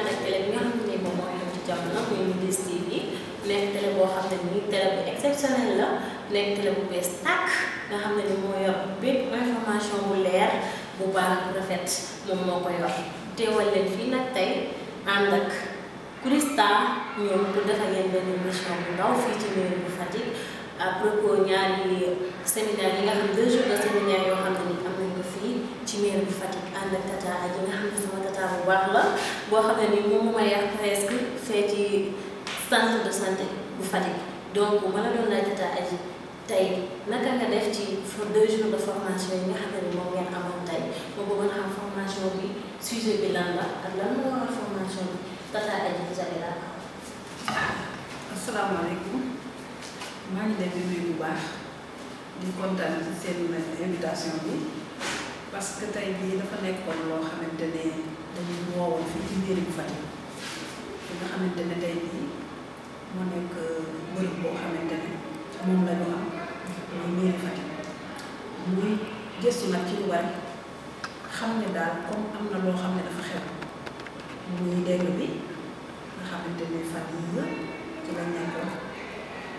ànd ak télé bi nga xam ne moom moo xew ci jamono muy Mindiss TV nekk télé boo xam ne nii télé bu exceptionnel la nekk télé bu bees tàkk nga xam ne ni moo yor bépp information bu leer bu baax bu rafet moom moo ko yor teewal leen fii nag tey ànd ak Christa ñoom bu defal leen benn émission bu ndaw fii ci mairie bu Fatick à propos ñaari séminaire yi nga xam deux jours de maire bu Fatick ànd ak tata aji nga xam ne sama tata bu baax la boo xam ne ni moom moo ma yar presque fee ci de santé bu Fatick donc ma la doon laaj tata aji tey naka nga def ci pour deux jours de formation yi nga xam ne ni moom ngeen amoon tey ma bëggoon xam formation bi sujet bi lan la ak lan moo waral formation bi tata aji vous avez la asalaamaaleykum maa ngi leen bu baax di kontaan ci seen invitation bi. parce que tey jii dafa nekkoon loo xamante ne dañuy woowoon fii ci mairie Fatick fi nga xamante ne tey jii moo nekk euh, bërëb boo xamante ne muy gëstu nag ci lu bari xam ne daal comme am na loo xam ne dafa xew muy dégg bi nga xamante ne fan yii ci lañ nekkoon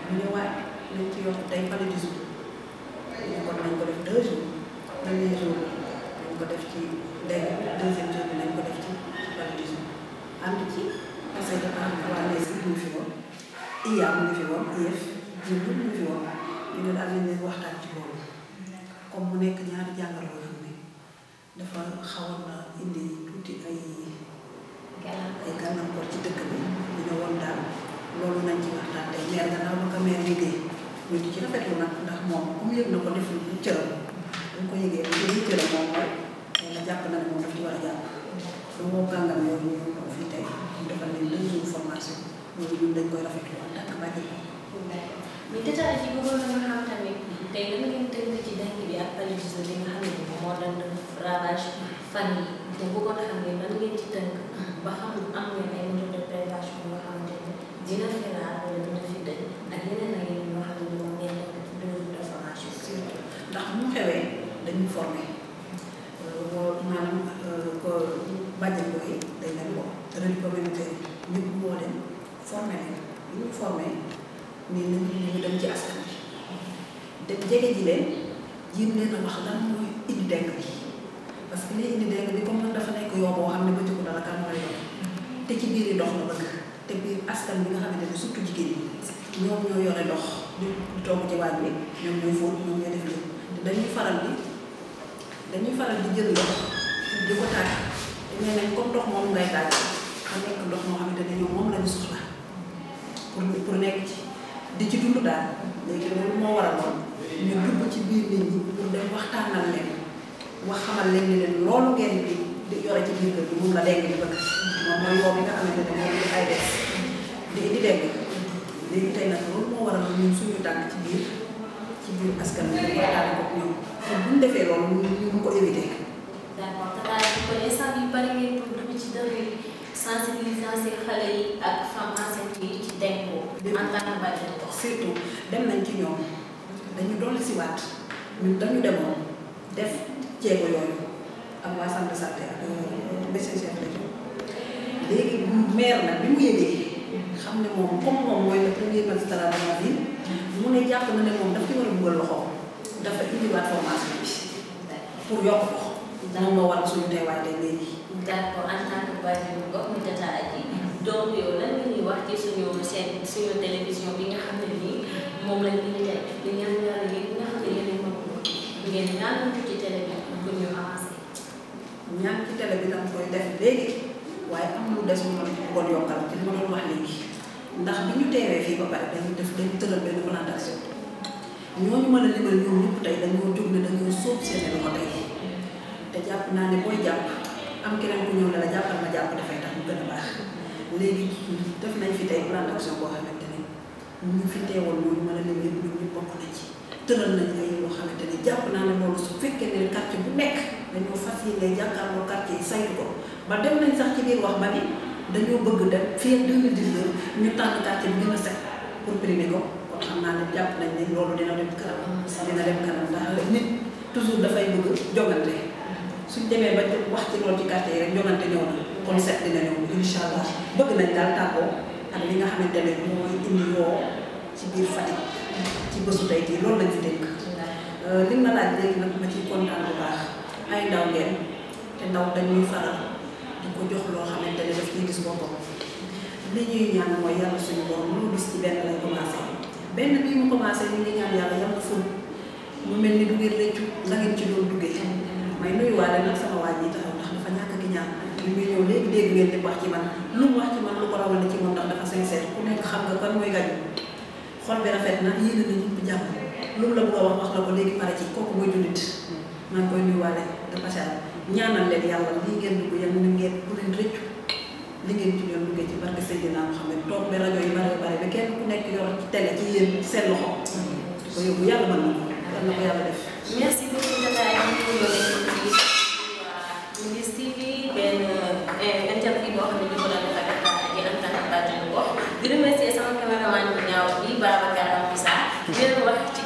ñu ñëwaat nañ ci yokk tey paludisme ñu kon nañ ko def deux kii yaa fi woon yëf ñun ñëpp ñu fi woon ñu ne daal nañ leen waxtaan ci loolu comme mu nekk ñaari jàngoro yoo xam ne dafa xawoon na daal loolu nañ ci waxtaan tey meer gannaaw ba ko meer liggéey ñu di ci moom na ko ko yëgee lu moom mooy jàpp na moom daf ci war a jàpp yooyu te bëggoon xam ne man ngeen ci tënk ba xam am nga ay mesures de prévention yoo xamante ne dina xelaat wala dina yeneen ak yeneen yoo xam ne moom moo leen formé leen bu ñu formé nii nañ dem ci askan bi dem jege ji leen jéem leen a wax lan mooy indi denk bi parce que liy indi dégg bi comme man dafa nekk yoon boo xam ne ba dara kan mooy dox te ci biir yi dox la bëgg te biir askan bi nga xamante ne surtout jigéen ñi ñoom ñoo yore dox ñu toog ci waaj ñoom ñoom ñooy def dañuy faral faral di jël ndox di ko tàkk pour nekk ci di ci dund daal léegi loolu moo waral woon ñu dugg ci biir nit ñi pour dem waxtaanal leen. wax xamal lañ ne leen loolu ngeen di yore ci biir kër gi moom la dégg di moom mooy yoon bi nga xamante ne moom ay def di loolu moo waral ñun suñu tànk ci biir ci ko ñoom te defee loolu ko éviter. d'accord te daal kon xale yi ak femmes yi ci Denko. en tant que bàjjen surtout dem nañ ci ñoom dañu dolli si waat ñun dañu demoon. def jéego yooyu am waa centre de santé ak BCCF la ñu léegi maire nag bi mu yëgee xam ne moom comme moom mooy le premier magistrat de la ville mu ne jàpp na ne moom daf ci war a dugal loxo dafa indiwaat formation bi pour yokk ko moom moo waral suñu teewaay tey léegi d'accord en tant que bajenu gox mu jota ak yi donc yow lan la ñuy wax ci suñu seen suñu télévision bi nga xam ne nii moom lañ ñu teg li ngeen ñaar yi nga xam ne yéen a ngi ko ngeen naan bu ñaan ci télé bi dama koy def léegi waaye am lu des ñu mën ko yokkal ci li ma doon wax léegi ndax bi ñu teewee fii ba pare dañu def dañu tëral benn plan d'action a limal ñoom ñëpp tey dañoo jóg ne dañoo sóob te jàpp naa ne booy jàpp am keneen ku ñëw ne la jàppal ma jàpp dafay tax mu gën a baax léegi def nañ fi tey plan d'action boo xamante ne ñu fi teewal ñooñu mën a limal ñoom bokk na ci. tëral nañ yoo xamante ne jàpp naa loolu su fekkee ne quartier bu nekk dañoo fas yéene jàkkaarloo quartier yi saytu ko ba dem nañ sax ci biir wax ba ni dañoo bëgg dem fii ak ñu tànn quartier bi gën a naa ne jàpp nañ ne loolu dina dem kanam. dina dafay bëgg jogante suñ demee ba wax ci loolu ci quartier yi rek jogante ñëw na kon set dina ñëw incha allah bëgg nañ daal tàggoo ak nga xamante ne mooy indi yoo ci biir Fatick. ci bësu tey jii loolu lañu dégg euh, li ma laaj léegi nag ma ciy kontaan bu baax ay ndaw ngeen te ndaw dañuy faral di ko jox loo xamante ne daf gis boppam li ñuy ñaan mooy yàlla gis ci benn lay commencé benn mu commencé ñu ngi ñaan yàlla yàlla du ngeen rëccu la ngeen dafa ñàkk di ñaan li muy ñëw léegi dégg ngeen di wax ci man lu mu wax ci man lu ko rawale ci moom ndax dafa sincère ku nekk xam nga kan mooy gañu xol bi rafet na yéene na ñëpp jàmm lu mu la bëgg a wax wax la ko léegi pare ci kooku mooy jullit maa ngi koy nuyuwaale de passage ñaanal leen yàlla lii ngeen dugg yal na ngeen bu leen rëccu li ngeen ci doon duggee ci barke Seydina Muhammad toog ba rajo yi bare bare ba kenn ku nekk yor ci télé ci yéen ci seen loxo. ko yóbbu yàlla mën na ko. mën na ko yàlla def. merci beaucoup wax ci